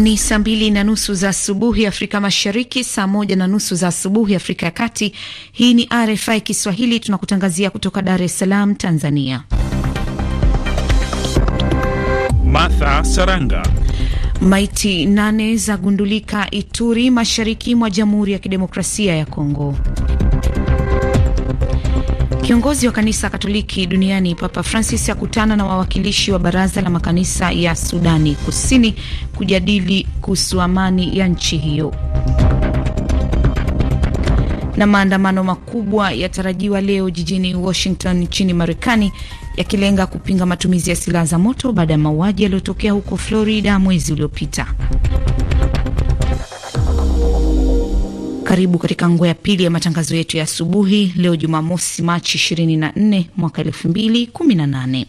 Ni saa mbili na nusu za asubuhi Afrika Mashariki, saa moja na nusu za asubuhi Afrika ya Kati. Hii ni RFI Kiswahili, tunakutangazia kutoka Dar es Salaam, Tanzania. Martha Saranga. Maiti nane za gundulika Ituri, mashariki mwa Jamhuri ya Kidemokrasia ya Kongo. Kiongozi wa kanisa Katoliki duniani Papa Francis akutana na wawakilishi wa baraza la makanisa ya Sudani Kusini kujadili kuhusu amani ya nchi hiyo. Na maandamano makubwa yatarajiwa leo jijini Washington nchini Marekani yakilenga kupinga matumizi ya silaha za moto baada ya mauaji yaliyotokea huko Florida mwezi uliopita. Karibu katika nguo ya pili ya matangazo yetu ya asubuhi leo Jumamosi, Machi 24 mwaka 2018.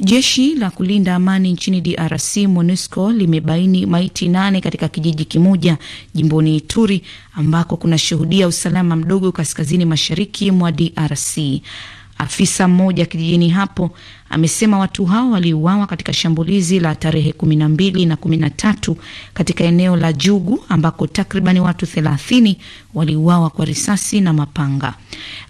Jeshi la kulinda amani nchini DRC MONUSCO limebaini maiti nane katika kijiji kimoja jimboni Ituri ambako kunashuhudia usalama mdogo kaskazini mashariki mwa DRC. Afisa mmoja kijijini hapo amesema watu hao waliuawa katika shambulizi la tarehe kumi na mbili na kumi na tatu katika eneo la Jugu ambako takribani watu thelathini waliuawa kwa risasi na mapanga.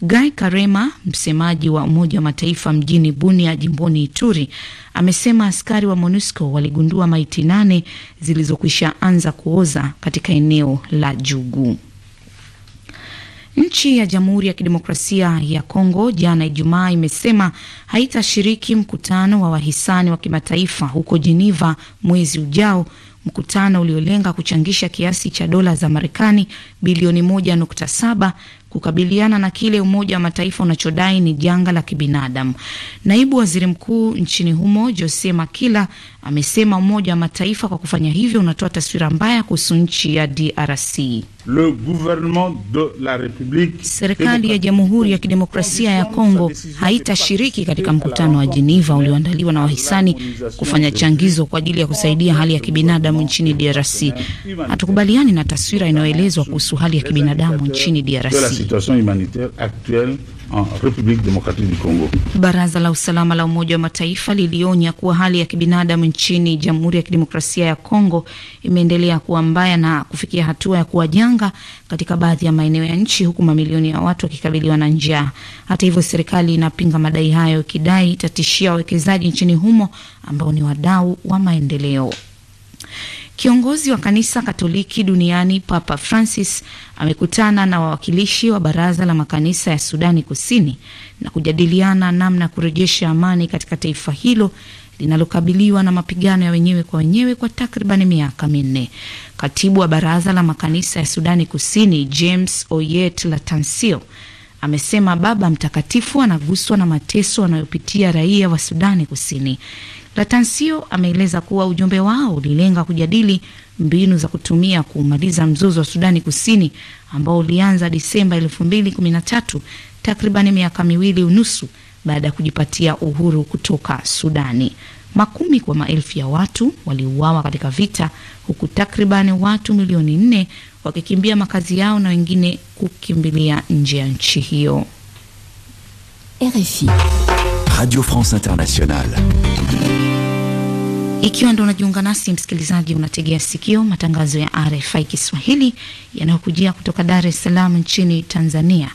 Guy Karema, msemaji wa Umoja wa Mataifa mjini Bunia jimboni Ituri, amesema askari wa MONUSCO waligundua maiti nane zilizokwisha anza kuoza katika eneo la Jugu. Nchi ya Jamhuri ya Kidemokrasia ya Kongo jana Ijumaa imesema haitashiriki mkutano wa wahisani wa kimataifa huko Geneva mwezi ujao, mkutano uliolenga kuchangisha kiasi cha dola za Marekani bilioni 1.7 kukabiliana na kile Umoja wa Mataifa unachodai ni janga la kibinadamu. Naibu waziri mkuu nchini humo Jose Makila amesema Umoja wa Mataifa kwa kufanya hivyo unatoa taswira mbaya kuhusu nchi ya DRC. Le gouvernement de la serikali ya Jamhuri ya Kidemokrasia ya Kongo haitashiriki katika mkutano wa Geneva ulioandaliwa na wahisani kufanya changizo kwa ajili ya kusaidia hali ya kibinadamu nchini DRC. Hatukubaliani na taswira inayoelezwa kuhusu hali ya kibinadamu nchini DRC situation humanitaire actuelle en République démocratique du Congo. Baraza la usalama la Umoja wa Mataifa lilionya kuwa hali ya kibinadamu nchini Jamhuri ya Kidemokrasia ya Kongo imeendelea kuwa mbaya na kufikia hatua ya kuwa janga katika baadhi ya maeneo ya nchi, huku mamilioni ya watu wakikabiliwa na njaa. Hata hivyo, serikali inapinga madai hayo, ikidai itatishia wawekezaji nchini humo ambao ni wadau wa maendeleo. Kiongozi wa kanisa Katoliki duniani Papa Francis amekutana na wawakilishi wa baraza la makanisa ya Sudani Kusini na kujadiliana namna ya kurejesha amani katika taifa hilo linalokabiliwa na mapigano ya wenyewe kwa wenyewe kwa takriban miaka minne. Katibu wa baraza la makanisa ya Sudani Kusini James Oyet Latansil amesema Baba Mtakatifu anaguswa na mateso anayopitia raia wa Sudani Kusini. Latansio ameeleza kuwa ujumbe wao ulilenga kujadili mbinu za kutumia kumaliza mzozo wa Sudani Kusini ambao ulianza Disemba 2013 takribani miaka miwili unusu baada ya kujipatia uhuru kutoka Sudani. Makumi kwa maelfu ya watu waliuawa katika vita, huku takribani watu milioni nne wakikimbia makazi yao na wengine kukimbilia nje ya nchi hiyo. RFI Radio France Internationale. Ikiwa ndo unajiunga nasi msikilizaji, unategea sikio matangazo ya RFI Kiswahili yanayokujia kutoka Dar es Salaam nchini Tanzania.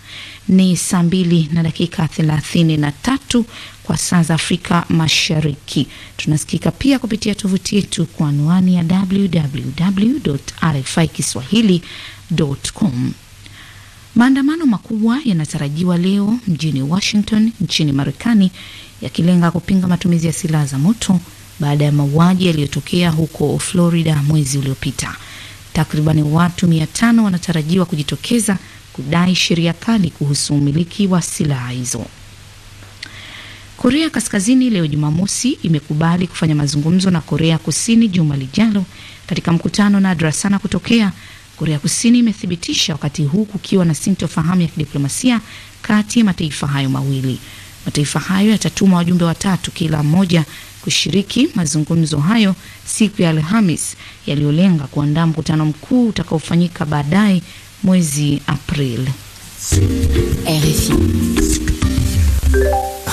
Ni saa mbili na dakika thelathini na tatu kwa saa za Afrika Mashariki. Tunasikika pia kupitia tovuti yetu kwa anwani ya www RFI kiswahilicom. Maandamano makubwa yanatarajiwa leo mjini Washington nchini Marekani, yakilenga kupinga matumizi ya silaha za moto baada ya mauaji yaliyotokea huko Florida mwezi uliopita. Takribani watu mia tano wanatarajiwa kujitokeza kudai sheria kali kuhusu umiliki wa silaha hizo. Korea Kaskazini leo Jumamosi imekubali kufanya mazungumzo na Korea Kusini juma lijalo katika mkutano nadra sana kutokea. Korea Kusini imethibitisha wakati huu kukiwa na sintofahamu ya kidiplomasia kati ya mataifa hayo mawili. Mataifa hayo yatatuma wajumbe watatu kila mmoja kushiriki mazungumzo hayo siku ya Alhamis yaliyolenga kuandaa mkutano mkuu utakaofanyika baadaye mwezi Aprili. RFI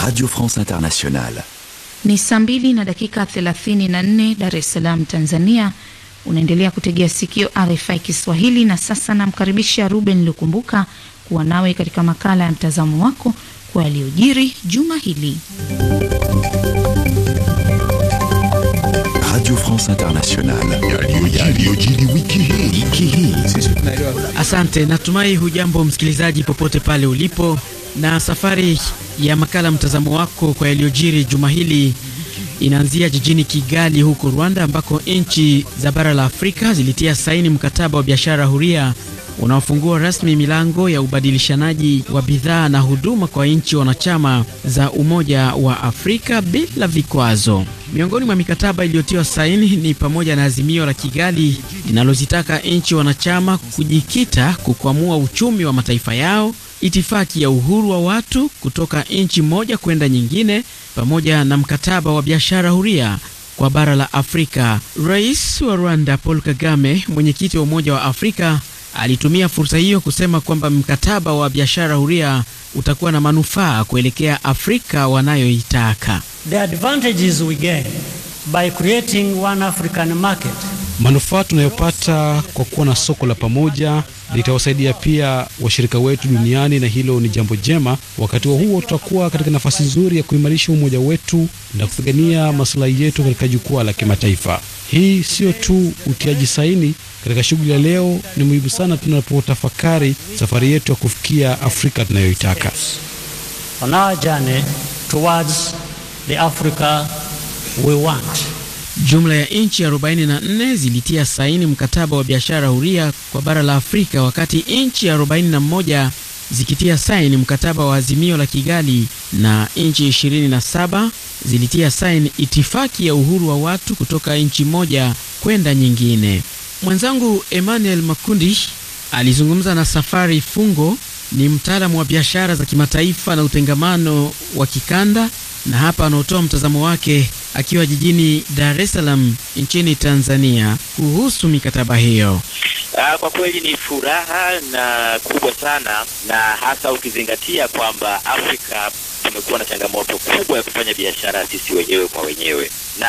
Radio France Internationale. Ni saa mbili na dakika 34 Dar es Salaam, Tanzania. Unaendelea kutegea sikio RFI Kiswahili, na sasa namkaribisha Ruben Lukumbuka kuwa nawe katika makala ya mtazamo wako kwa yaliyojiri juma hili. Radio France Internationale. Asante, natumai hujambo msikilizaji popote pale ulipo, na safari ya makala mtazamo wako kwa yaliyojiri juma hili inaanzia jijini Kigali huko Rwanda, ambako nchi za bara la Afrika zilitia saini mkataba wa biashara huria unaofungua rasmi milango ya ubadilishanaji wa bidhaa na huduma kwa nchi wanachama za Umoja wa Afrika bila vikwazo. Miongoni mwa mikataba iliyotiwa saini ni pamoja na azimio la Kigali linalozitaka nchi wanachama kujikita kukwamua uchumi wa mataifa yao, itifaki ya uhuru wa watu kutoka nchi moja kwenda nyingine, pamoja na mkataba wa biashara huria kwa bara la Afrika. Rais wa Rwanda Paul Kagame, mwenyekiti wa Umoja wa Afrika alitumia fursa hiyo kusema kwamba mkataba wa biashara huria utakuwa na manufaa kuelekea Afrika wanayoitaka. Manufaa tunayopata kwa kuwa na soko la pamoja litawasaidia pia washirika wetu duniani, na hilo ni jambo jema. Wakati wa huo tutakuwa katika nafasi nzuri ya kuimarisha umoja wetu na kupigania masilahi yetu katika jukwaa la kimataifa. Hii sio tu utiaji saini katika shughuli ya leo, ni muhimu sana tunapotafakari safari yetu ya kufikia Afrika tunayoitaka. On our journey towards the Africa we want. Jumla ya nchi 44 zilitia saini mkataba wa biashara huria kwa bara la Afrika, wakati nchi 41 zikitia saini mkataba wa azimio la Kigali na nchi 27 zilitia saini itifaki ya uhuru wa watu kutoka nchi moja kwenda nyingine. Mwenzangu Emmanuel Makundi alizungumza na Safari Fungo, ni mtaalamu wa biashara za kimataifa na utengamano wa kikanda, na hapa anaotoa mtazamo wake akiwa jijini Dar es Salaam nchini Tanzania kuhusu mikataba hiyo. Ah, kwa kweli ni furaha na kubwa sana, na hasa ukizingatia kwamba Afrika tumekuwa na changamoto kubwa ya kufanya biashara sisi wenyewe kwa wenyewe, na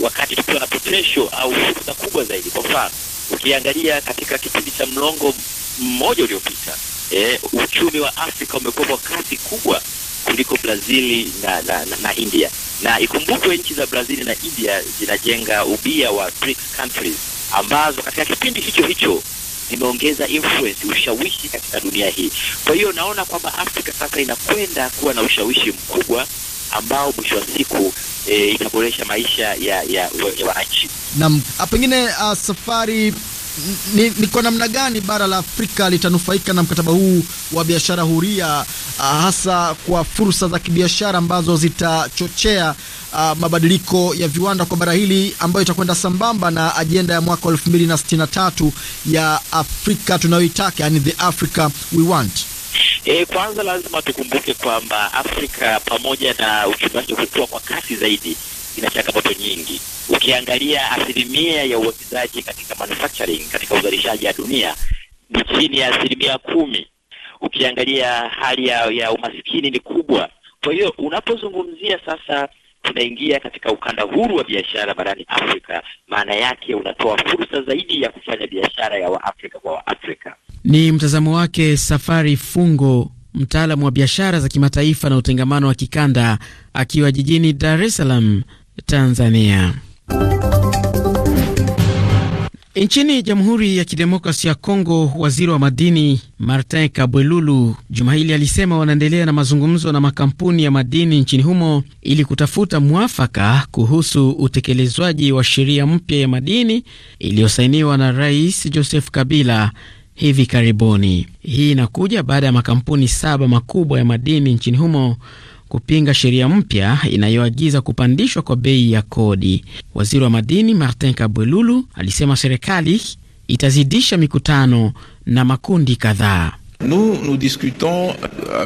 wakati tukiwa na potential au fursa kubwa zaidi. Kwa mfano, ukiangalia katika kipindi cha mlongo mmoja uliopita, eh, uchumi wa Afrika umekuwa kwa kasi kubwa kuliko Brazili na, na, na, na India. Na ikumbukwe nchi za Brazili na India zinajenga ubia wa BRICS countries ambazo katika kipindi hicho hicho zimeongeza influence, ushawishi katika dunia hii. Kwa hiyo naona kwamba Afrika sasa inakwenda kuwa na ushawishi mkubwa ambao mwisho wa siku e, itaboresha maisha ya, ya, ya wananchi. Naam, ah, pengine uh, safari ni, ni kwa namna gani bara la Afrika litanufaika na mkataba huu wa biashara huria, ah, hasa kwa fursa za kibiashara ambazo zitachochea uh, mabadiliko ya viwanda kwa bara hili ambayo itakwenda sambamba na ajenda ya mwaka 2063 ya Afrika tunayoitaka, yani the Africa we want. E, kwanza lazima tukumbuke kwamba Afrika pamoja na uchumi wake kukua kwa kasi zaidi ina changamoto nyingi ukiangalia asilimia ya uwekezaji katika manufacturing, katika uzalishaji ya dunia ni chini ya asilimia kumi. Ukiangalia hali ya, ya umasikini ni kubwa. Kwa hiyo unapozungumzia sasa tunaingia katika ukanda huru wa biashara barani Afrika, maana yake unatoa fursa zaidi ya kufanya biashara ya Waafrika kwa Waafrika. Ni mtazamo wake Safari Fungo, mtaalamu wa biashara za kimataifa na utengamano wa kikanda, akiwa jijini Dar es Salaam, Tanzania. Nchini Jamhuri ya kidemokrasi ya Kongo, waziri wa madini Martin Kabwelulu juma hili alisema wanaendelea na mazungumzo na makampuni ya madini nchini humo ili kutafuta mwafaka kuhusu utekelezwaji wa sheria mpya ya madini iliyosainiwa na Rais Joseph Kabila hivi karibuni. Hii inakuja baada ya makampuni saba makubwa ya madini nchini humo kupinga sheria mpya inayoagiza kupandishwa kwa bei ya kodi. Waziri wa madini Martin Kabwelulu alisema serikali itazidisha mikutano na makundi kadhaa. Euh,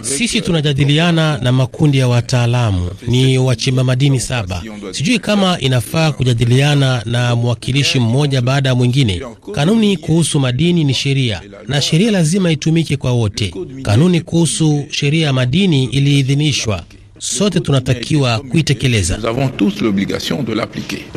Sisi euh, tunajadiliana na makundi ya wataalamu, ni wachimba madini saba. Sijui kama inafaa kujadiliana na mwakilishi mmoja baada ya mwingine. Kanuni kuhusu madini ni sheria na sheria lazima itumike kwa wote. Kanuni kuhusu sheria ya madini iliidhinishwa sote tunatakiwa kuitekeleza.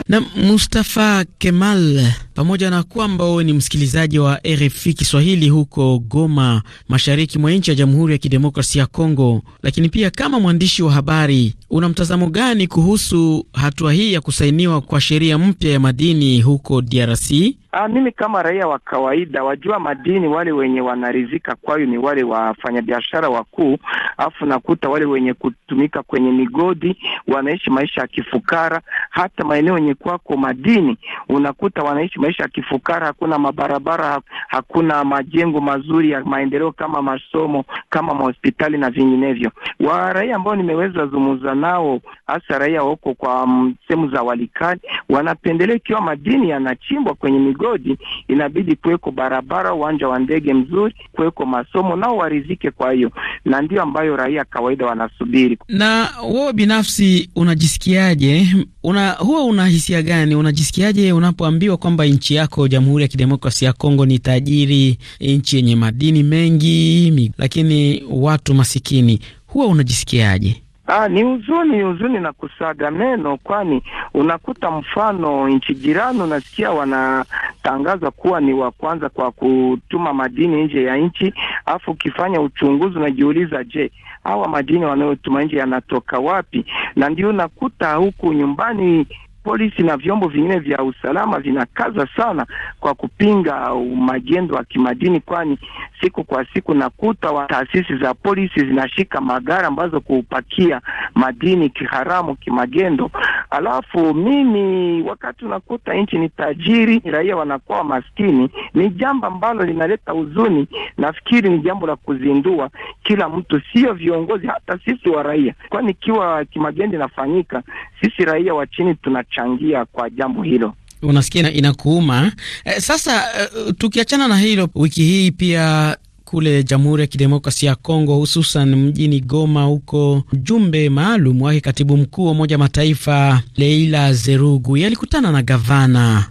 Na Mustafa Kemal, pamoja na kwamba wewe ni msikilizaji wa RFI Kiswahili huko Goma, mashariki mwa nchi ya Jamhuri ya Kidemokrasia ya Kongo, lakini pia kama mwandishi wa habari, una mtazamo gani kuhusu hatua hii ya kusainiwa kwa sheria mpya ya madini huko DRC? Ah, mimi kama raia wa kawaida wajua, madini wale wenye wanarizika kwayo ni wale wafanyabiashara wakuu, afu nakuta wale wenye kutumika kwenye migodi wanaishi maisha ya kifukara. Hata maeneo yenye kwako madini unakuta wanaishi maisha ya kifukara, hakuna mabarabara, hakuna majengo mazuri ya maendeleo kama masomo, kama mahospitali na vinginevyo. Wa raia ambao nimeweza zungumza nao, hasa raia wako kwa mm, sehemu za Walikali, wanapendelea ikiwa madini yanachimbwa kwenye migodi migodi, inabidi kuweko barabara, uwanja wa ndege mzuri, kuweko masomo, nao warizike. Kwa hiyo na ndiyo ambayo raia kawaida wanasubiri. Na wewe binafsi unajisikiaje? Una huwa una hisia gani? Unajisikiaje unapoambiwa kwamba nchi yako Jamhuri ya Kidemokrasia ya Kongo ni tajiri, nchi yenye madini mengi, lakini watu masikini, huwa unajisikiaje? Ah, ni huzuni, huzuni na kusaga meno, kwani unakuta mfano nchi jirani unasikia wana unatangaza kuwa ni wa kwanza kwa kutuma madini nje ya nchi, afu ukifanya uchunguzi unajiuliza, je, hawa madini wanayotuma nje yanatoka wapi? Na ndio nakuta huku nyumbani polisi na vyombo vingine vya usalama vinakaza sana kwa kupinga magendo ya kimadini, kwani siku kwa siku nakuta wa taasisi za polisi zinashika magari ambazo kupakia madini kiharamu kimagendo. Alafu mimi wakati unakuta nchi ni tajiri, raia wanakuwa maskini, ni jambo ambalo linaleta huzuni. Nafikiri ni jambo la kuzindua kila mtu, sio viongozi, hata sisi wa raia, kwani ikiwa kimagendo inafanyika, sisi raia wa chini tuna kuchangia kwa jambo hilo. Unasikia inakuuma. Eh, sasa uh, tukiachana na hilo, wiki hii pia kule Jamhuri ya kidemokrasi ya Kongo, hususan mjini Goma, huko mjumbe maalum wake katibu mkuu wa Umoja Mataifa Leila Zerugu yalikutana na gavana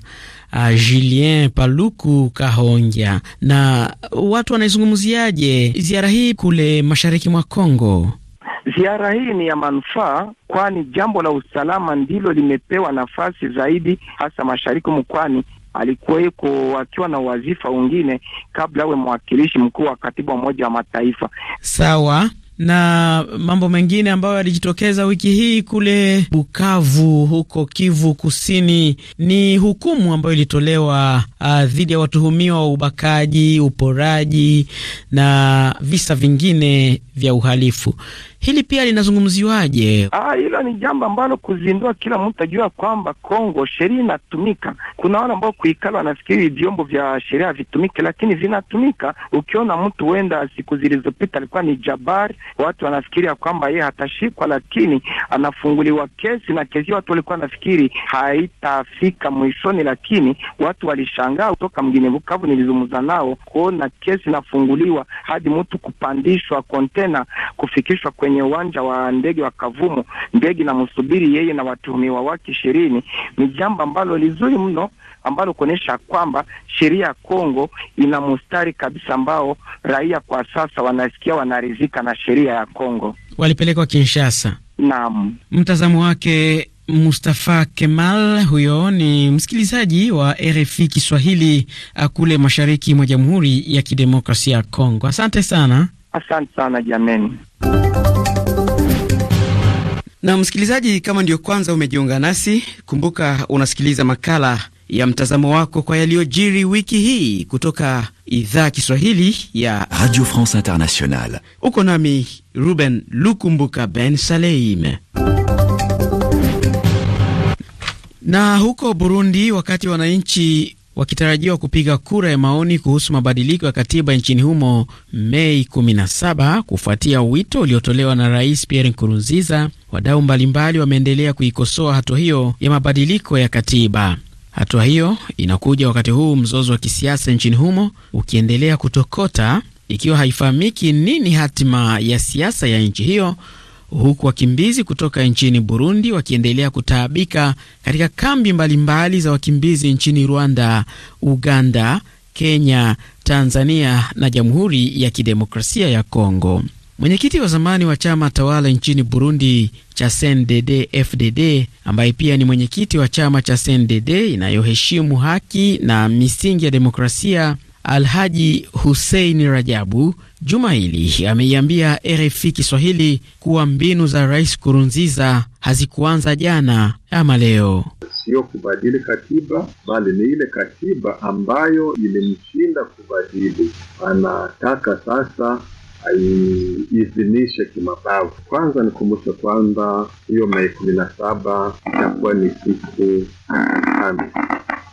Uh, Julien Paluku Kahongya. Na watu wanaizungumziaje ziara hii kule mashariki mwa Kongo? Ziara hii ni ya manufaa, kwani jambo la usalama ndilo limepewa nafasi zaidi, hasa mashariki mkwani alikuweko akiwa na wazifa wengine kabla awe mwakilishi mkuu wa katibu wa Umoja wa Mataifa. Sawa na mambo mengine ambayo yalijitokeza wiki hii kule Bukavu, huko Kivu Kusini, ni hukumu ambayo ilitolewa Uh, dhidi ya watuhumiwa wa ubakaji, uporaji na visa vingine vya uhalifu. Hili pia linazungumziwaje? Ah, hilo ni jambo ambalo kuzindua, kila mtu ajua kwamba Kongo sheria inatumika. Kuna wale ambao kuikala wanafikiri vyombo vya sheria vitumike, lakini vinatumika. Ukiona mtu huenda siku zilizopita alikuwa ni jabari, watu wanafikiria kwamba yeye hatashikwa, lakini anafunguliwa kesi na kesi, watu walikuwa wanafikiri haitafika mwishoni, lakini watu walishangaa nilishangaa kutoka mgine Bukavu, nilizungumza nao kuona kesi inafunguliwa hadi mtu kupandishwa kontena kufikishwa kwenye uwanja wa ndege wa Kavumu, ndege na msubiri yeye na watuhumiwa wake ishirini. Ni jambo ambalo lizuri mno ambalo kuonyesha kwamba sheria ya Kongo ina mustari kabisa ambao raia kwa sasa wanasikia wanaridhika na sheria ya Kongo. Walipelekwa Kinshasa. Naam, mtazamo wake Mustafa Kemal huyo ni msikilizaji wa RFI Kiswahili uh, kule mashariki mwa Jamhuri ya Kidemokrasia ya Kongo. Asante sana, asante sana jameni. Na msikilizaji, kama ndiyo kwanza umejiunga nasi, kumbuka unasikiliza makala ya mtazamo wako kwa yaliyojiri wiki hii kutoka idhaa Kiswahili ya Radio France Internationale. Uko nami Ruben Lukumbuka Ben saleime na huko Burundi, wakati wananchi wakitarajiwa kupiga kura ya maoni kuhusu mabadiliko ya katiba nchini humo Mei 17 kufuatia wito uliotolewa na Rais Pierre Nkurunziza, wadau mbalimbali wameendelea kuikosoa hatua hiyo ya mabadiliko ya katiba. Hatua hiyo inakuja wakati huu mzozo wa kisiasa nchini humo ukiendelea kutokota, ikiwa haifahamiki nini hatima ya siasa ya nchi hiyo huku wakimbizi kutoka nchini Burundi wakiendelea kutaabika katika kambi mbalimbali mbali za wakimbizi nchini Rwanda, Uganda, Kenya, Tanzania na Jamhuri ya Kidemokrasia ya Kongo. Mwenyekiti wa zamani wa chama tawala nchini Burundi cha CNDD FDD, ambaye pia ni mwenyekiti wa chama cha CNDD inayoheshimu haki na misingi ya demokrasia, Alhaji Hussein Rajabu juma hili ameiambia RFI Kiswahili kuwa mbinu za Rais Kurunziza hazikuanza jana ama leo. Siyo kubadili katiba, bali ni ile katiba ambayo ilimshinda kubadili. Anataka sasa aiidhinishe kimabavu. Kwanza nikumbushe kwamba hiyo Mei kumi na saba itakuwa ni siku alhamis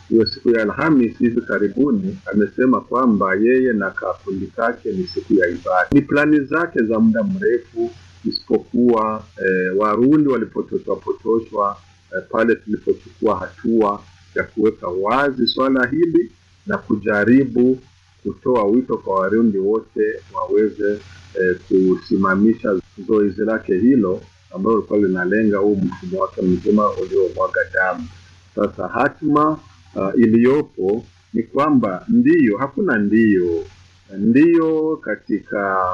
Hiyo siku ya alhamis hivi karibuni amesema kwamba yeye na kakundi kake ni siku ya ibada. Ni plani zake za muda mrefu, isipokuwa eh, Warundi walipotoshwa potoshwa eh, pale tulipochukua hatua ya kuweka wazi swala hili na kujaribu kutoa wito kwa Warundi wote waweze e, kusimamisha zoezi lake hilo ambalo lilikuwa linalenga huu mfumo wake mzima uliomwaga damu. Sasa hatima uh, iliyopo ni kwamba ndiyo, hakuna ndiyo. Ndiyo katika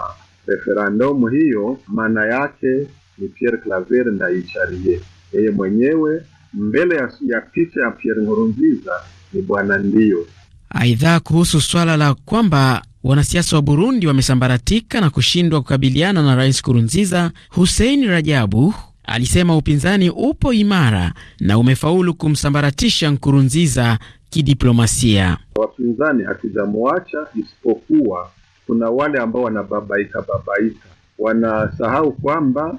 referandumu hiyo, maana yake ni Pierre Claver icharie yeye mwenyewe mbele ya, ya picha ya Pierre Nkurunziza ni bwana ndiyo. Aidha, kuhusu swala la kwamba wanasiasa wa Burundi wamesambaratika na kushindwa kukabiliana na Rais Kurunziza, Hussein Rajabu alisema upinzani upo imara na umefaulu kumsambaratisha Nkurunziza kidiplomasia. Wapinzani akijamwacha, isipokuwa kuna wale ambao wanababaika babaika, wanasahau kwamba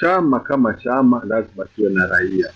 chama kama chama lazima kiwe na raia.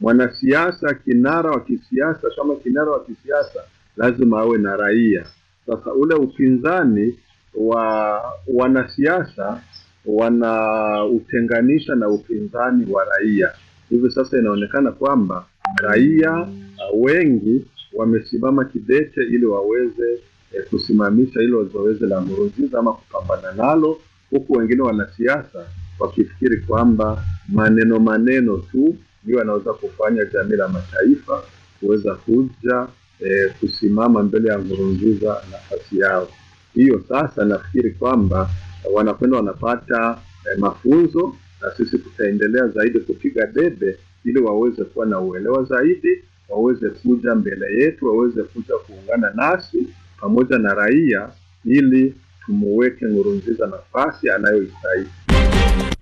Mwanasiasa kinara wa kisiasa, chama kinara wa kisiasa lazima awe na raia. Sasa ule upinzani wa wanasiasa wanautenganisha na upinzani wa raia. Hivi sasa inaonekana kwamba raia wengi wamesimama kidete ili waweze eh, kusimamisha hilo zoezi la Nkurunziza ama kupambana nalo, huku wengine wanasiasa wakifikiri kwamba maneno maneno tu ndio anaweza kufanya jamii la mataifa kuweza kuja e, kusimama mbele ya Nkurunziza nafasi yao hiyo. Sasa nafikiri kwamba wanakwenda wanapata e, mafunzo na sisi tutaendelea zaidi kupiga debe ili waweze kuwa na uelewa zaidi, waweze kuja mbele yetu, waweze kuja kuungana nasi pamoja na raia ili tumuweke Nkurunziza nafasi anayoistahili.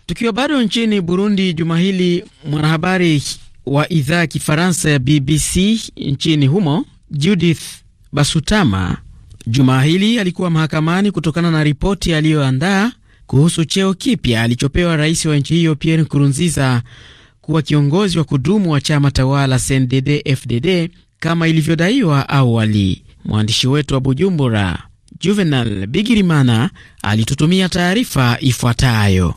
Tukiwa bado nchini Burundi, juma hili mwanahabari wa idhaa ya Kifaransa ya BBC nchini humo Judith Basutama jumaa hili alikuwa mahakamani kutokana na ripoti aliyoandaa kuhusu cheo kipya alichopewa rais wa nchi hiyo Pierre Nkurunziza kuwa kiongozi wa kudumu wa chama tawala CNDD-FDD kama ilivyodaiwa awali. Mwandishi wetu wa Bujumbura Juvenal Bigirimana alitutumia taarifa ifuatayo.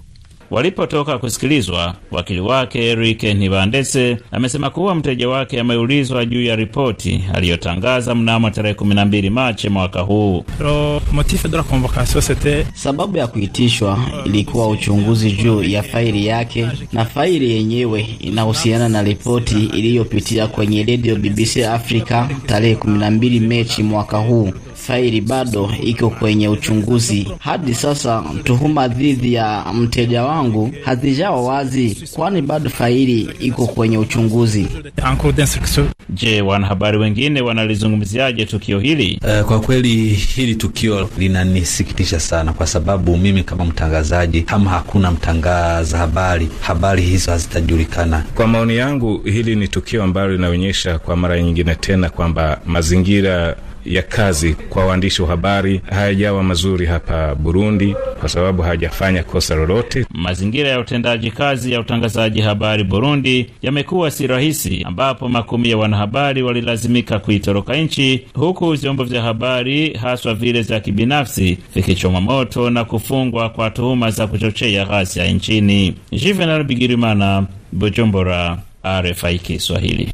Walipotoka kusikilizwa, wakili wake Erike Nibandese amesema kuwa mteja wake ameulizwa juu ya ripoti aliyotangaza mnamo tarehe 12 Machi mwaka huu. Sababu ya kuitishwa ilikuwa uchunguzi juu ya faili yake, na faili yenyewe inahusiana na ripoti iliyopitia kwenye redio BBC Africa tarehe 12 Machi mwaka huu faili bado iko kwenye uchunguzi. Hadi sasa tuhuma dhidi ya mteja wangu hazijawa wazi, kwani bado faili iko kwenye uchunguzi. Je, wanahabari wengine wanalizungumziaje tukio hili? Uh, kwa kweli hili tukio linanisikitisha sana, kwa sababu mimi kama mtangazaji, kama hakuna mtangaza habari, habari hizo hazitajulikana. Kwa maoni yangu, hili ni tukio ambalo linaonyesha kwa mara nyingine tena kwamba mazingira ya kazi kwa waandishi wa habari hayajawa mazuri hapa Burundi kwa sababu hajafanya kosa lolote. Mazingira ya utendaji kazi ya utangazaji habari Burundi yamekuwa si rahisi, ambapo makumi ya wanahabari walilazimika kuitoroka nchi, huku vyombo vya habari haswa vile za kibinafsi vikichomwa moto na kufungwa kwa tuhuma za kuchochea ghasia nchini. Juvenal Bigirimana, Bujumbura, RFI Kiswahili.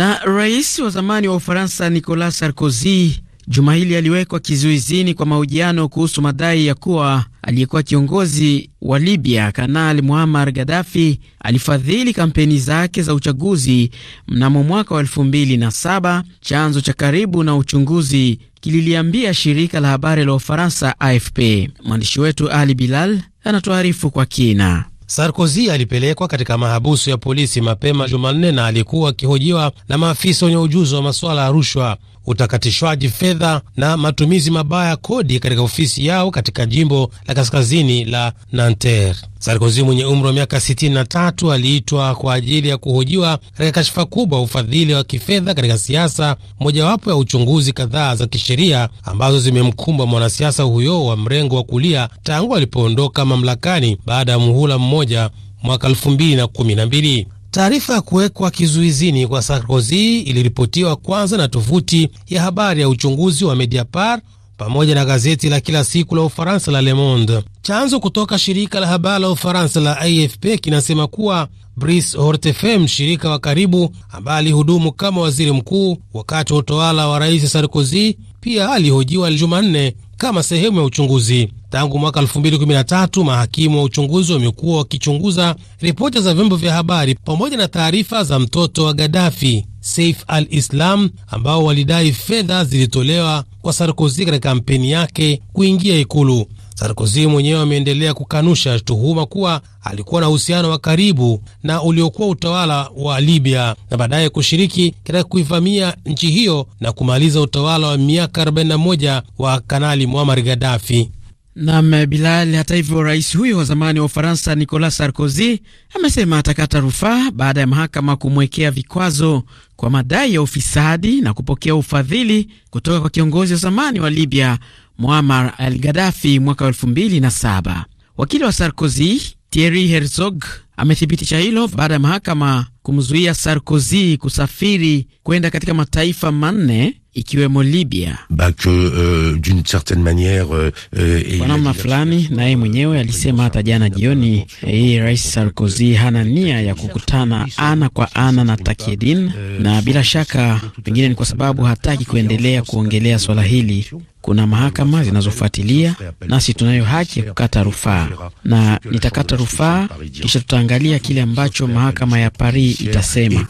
Na rais wa zamani wa Ufaransa Nicolas Sarkozy juma hili aliwekwa kizuizini kwa mahojiano kuhusu madai ya kuwa aliyekuwa kiongozi wa Libya Kanali Muammar Gaddafi alifadhili kampeni zake za uchaguzi mnamo mwaka wa 2007. Chanzo cha karibu na uchunguzi kililiambia shirika la habari la Ufaransa AFP. Mwandishi wetu Ali Bilal anatuarifu kwa kina. Sarkozy alipelekwa katika mahabusu ya polisi mapema Jumanne na alikuwa akihojiwa na maafisa wenye ujuzi wa masuala ya rushwa utakatishwaji fedha na matumizi mabaya ya kodi katika ofisi yao katika jimbo la kaskazini la Nanterre. Sarkozy mwenye umri wa miaka 63 aliitwa kwa ajili ya kuhojiwa katika kashfa kubwa ya ufadhili wa kifedha katika siasa, mojawapo ya uchunguzi kadhaa za kisheria ambazo zimemkumba mwanasiasa huyo wa mrengo wa kulia tangu alipoondoka mamlakani baada ya muhula mmoja mwaka 2012. Taarifa ya kuwekwa kizuizini kwa Sarkozy iliripotiwa kwanza na tovuti ya habari ya uchunguzi wa Mediapart pamoja na gazeti la kila siku la Ufaransa la Le Monde. Chanzo kutoka shirika la habari la Ufaransa la AFP kinasema kuwa Brice Hortefeux, mshirika wa karibu ambaye alihudumu kama waziri mkuu wakati wa utawala wa rais Sarkozy, pia alihojiwa Jumanne kama sehemu ya uchunguzi. Tangu mwaka 2013 mahakimu wa uchunguzi wamekuwa wakichunguza ripoti za vyombo vya habari pamoja na taarifa za mtoto wa Gaddafi, Saif al-Islam, ambao walidai fedha zilitolewa kwa Sarkozy katika kampeni yake kuingia Ikulu. Sarkozy mwenyewe ameendelea kukanusha tuhuma kuwa alikuwa na uhusiano wa karibu na uliokuwa utawala wa Libya na baadaye kushiriki katika kuivamia nchi hiyo na kumaliza utawala wa miaka 41 wa Kanali Muammar Gaddafi. Nam Bilal. Hata hivyo, rais huyo wa zamani wa Ufaransa Nicolas Sarkozy amesema atakata rufaa baada ya mahakama kumwekea vikwazo kwa madai ya ufisadi na kupokea ufadhili kutoka kwa kiongozi wa zamani wa Libya Muammar al Gaddafi mwaka wa elfu mbili na saba. Wakili wa Sarkozy Thierry Herzog amethibitisha hilo baada ya mahakama kumzuia Sarkozy kusafiri kwenda katika mataifa manne ikiwemo Libya Bak, uh, d'une certaine maniere uh, namna fulani. Naye mwenyewe alisema hata jana jioni hii Rais Sarkozy hana nia ya kukutana ana kwa ana na Takiedin, na bila shaka pengine ni kwa sababu hataki kuendelea kuongelea swala hili. Kuna mahakama zinazofuatilia, nasi tunayo haki ya kukata rufaa, na nitakata rufaa, kisha tutaangalia kile ambacho mahakama ya Paris itasema.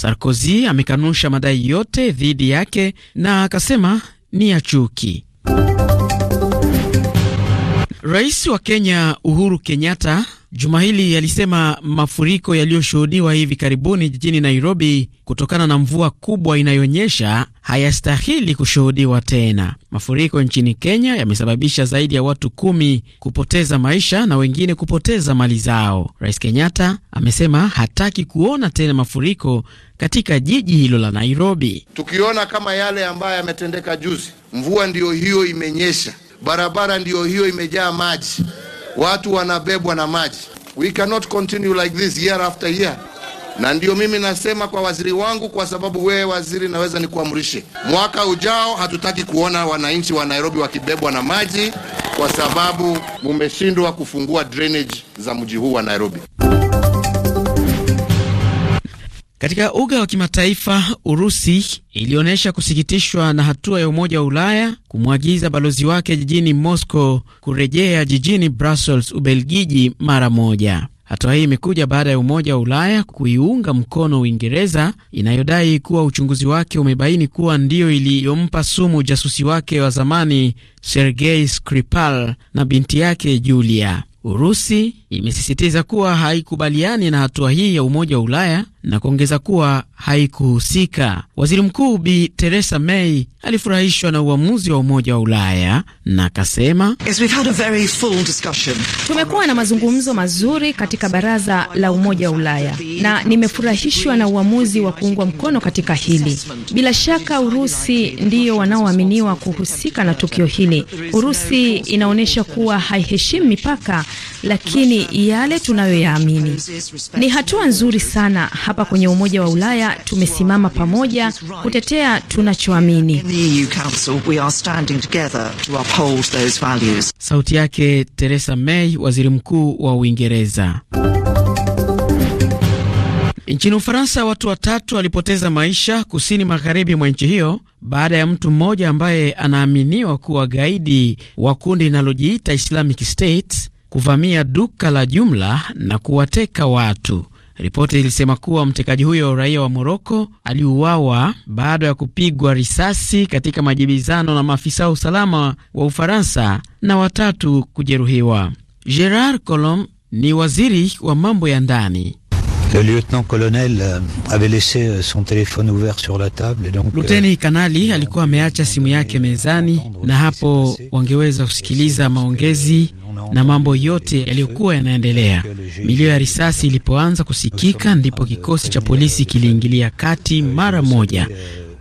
Sarkozy amekanusha madai yote dhidi yake na akasema ni ya chuki. Rais wa Kenya Uhuru Kenyatta juma hili yalisema mafuriko yaliyoshuhudiwa hivi karibuni jijini Nairobi kutokana na mvua kubwa inayonyesha hayastahili kushuhudiwa tena. Mafuriko nchini Kenya yamesababisha zaidi ya watu kumi kupoteza maisha na wengine kupoteza mali zao. Rais Kenyatta amesema hataki kuona tena mafuriko katika jiji hilo la Nairobi. Tukiona kama yale ambayo yametendeka juzi, mvua ndiyo hiyo imenyesha, barabara ndiyo hiyo imejaa maji watu wanabebwa na maji. We cannot continue like this year after year. Na ndio mimi nasema kwa waziri wangu, kwa sababu wewe waziri, naweza nikuamrishe, mwaka ujao hatutaki kuona wananchi wa Nairobi wakibebwa na maji, kwa sababu mumeshindwa kufungua drainage za mji huu wa Nairobi. Katika uga wa kimataifa, Urusi ilionyesha kusikitishwa na hatua ya Umoja wa Ulaya kumwagiza balozi wake jijini Moscow kurejea jijini Brussels, Ubelgiji, mara moja. Hatua hii imekuja baada ya Umoja wa Ulaya kuiunga mkono Uingereza inayodai kuwa uchunguzi wake umebaini kuwa ndiyo iliyompa sumu jasusi wake wa zamani Sergei Skripal na binti yake Julia. Urusi imesisitiza kuwa haikubaliani na hatua hii ya Umoja wa Ulaya na kuongeza kuwa haikuhusika. Waziri Mkuu Bi Theresa May alifurahishwa na uamuzi wa Umoja wa Ulaya na akasema, tumekuwa na mazungumzo mazuri katika Baraza la Umoja wa Ulaya na nimefurahishwa na uamuzi wa kuungwa mkono katika hili. Bila shaka, Urusi ndiyo wanaoaminiwa kuhusika na tukio hili. Urusi inaonyesha kuwa haiheshimu mipaka, lakini yale tunayoyaamini ni hatua nzuri sana hapa kwenye Umoja wa Ulaya tumesimama pamoja kutetea tunachoamini. E Sauti yake Theresa May, waziri mkuu wa Uingereza. Nchini Ufaransa, watu watatu walipoteza maisha kusini magharibi mwa nchi hiyo baada ya mtu mmoja ambaye anaaminiwa kuwa gaidi wa kundi linalojiita Islamic State kuvamia duka la jumla na kuwateka watu. Ripoti ilisema kuwa mtekaji huyo raia wa Moroko aliuawa baada ya kupigwa risasi katika majibizano na maafisa wa usalama wa Ufaransa na watatu kujeruhiwa. Gerard Colom ni waziri wa mambo ya ndani Le lieutenant-colonel euh, avait laissé euh, son téléphone ouvert sur la table et donc Luteni euh, Kanali alikuwa ameacha simu yake mezani, na hapo wangeweza kusikiliza maongezi na mambo yote yaliyokuwa yanaendelea. Milio ya risasi ilipoanza kusikika, ndipo kikosi cha polisi kiliingilia kati mara moja.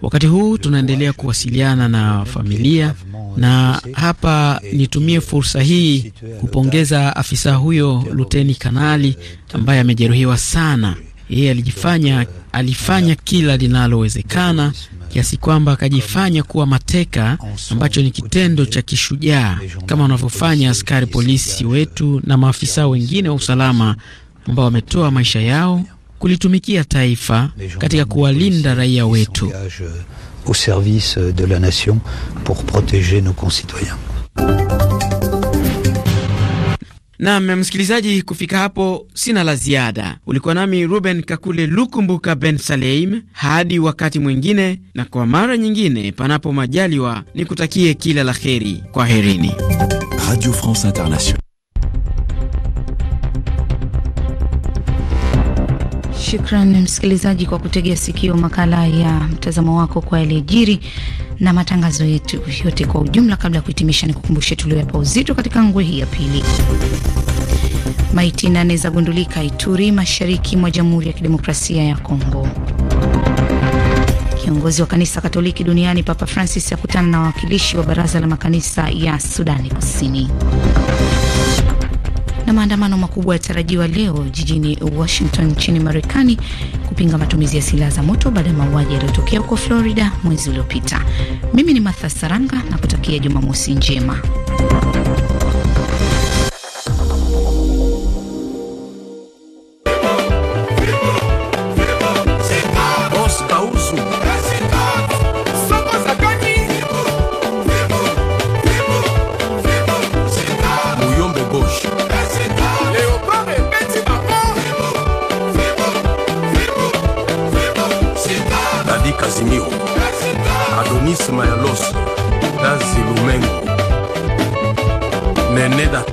Wakati huu tunaendelea kuwasiliana na familia na hapa nitumie fursa hii kupongeza afisa huyo luteni kanali ambaye amejeruhiwa sana. Yeye alijifanya alifanya kila linalowezekana kiasi kwamba akajifanya kuwa mateka, ambacho ni kitendo cha kishujaa kama wanavyofanya askari polisi wetu na maafisa wengine wa usalama ambao wametoa maisha yao kulitumikia taifa katika kuwalinda raia wetu au service de la nation pour protéger nos concitoyens. Nam msikilizaji, kufika hapo sina la ziada. Ulikuwa nami Ruben Kakule Lukumbuka Ben Saleim, hadi wakati mwingine, na kwa mara nyingine, panapo majaliwa, nikutakie kila la heri. Kwaherini. Radio France Internationale. Shukran msikilizaji kwa kutegea sikio makala ya mtazamo wako kwa yaliyojiri na matangazo yetu yote kwa ujumla. Kabla ya kuhitimisha, ni kukumbushe tulioyapa uzito katika ngwe hii ya pili. Maiti nane zagundulika Ituri, mashariki mwa Jamhuri ya Kidemokrasia ya Kongo. Kiongozi wa kanisa Katoliki duniani Papa Francis akutana na wawakilishi wa baraza la makanisa ya Sudani Kusini na maandamano makubwa yatarajiwa leo jijini Washington nchini Marekani kupinga matumizi ya silaha za moto baada ya mauaji yaliyotokea huko Florida mwezi uliopita. Mimi ni Martha Saranga na kutakia Jumamosi njema.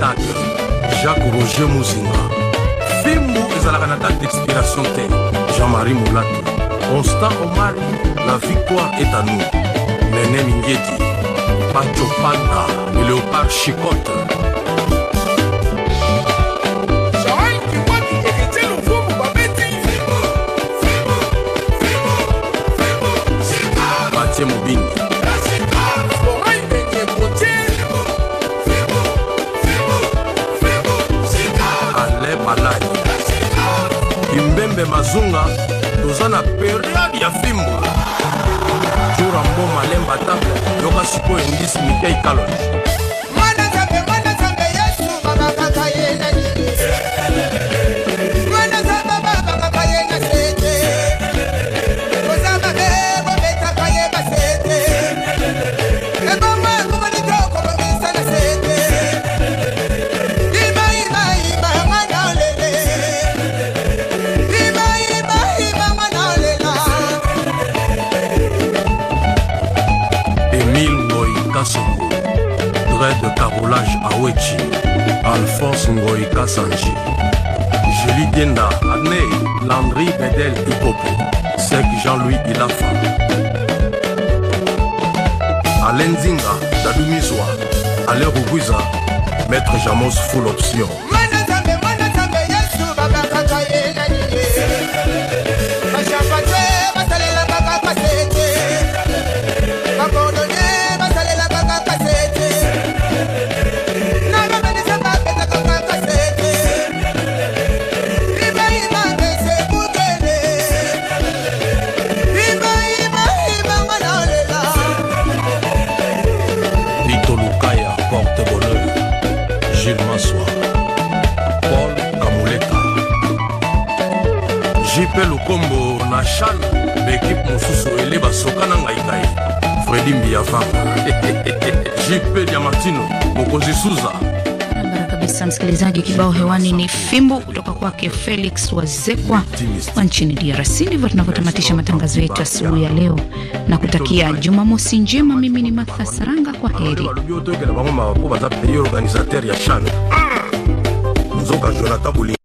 date jacques roger mozinga fimbu ezalaka na date d'expiration te jean-marie molatu constant omari la victoire est à nous nene mingieti pacho panda et léopard chicote mazunga toza na periode ya fimbu jura mbo malemba ta yoka sikoyo endisi mikei kalonji wechi alphonse ngoi kasanji julie denda adne landry bedel ikopo sek jean-louis ilafa alenzinga dadumiswa ale rugwiza maître jamos full option Suza barabara kabisa. Msikilizaji, kibao hewani ni fimbo kutoka kwake Felix Wazekwa wa nchini DRC. Ndivyo tunavyotamatisha matangazo yetu asubuhi ya leo na kutakia Jumamosi njema. Mimi ni Martha Saranga, kwa heri.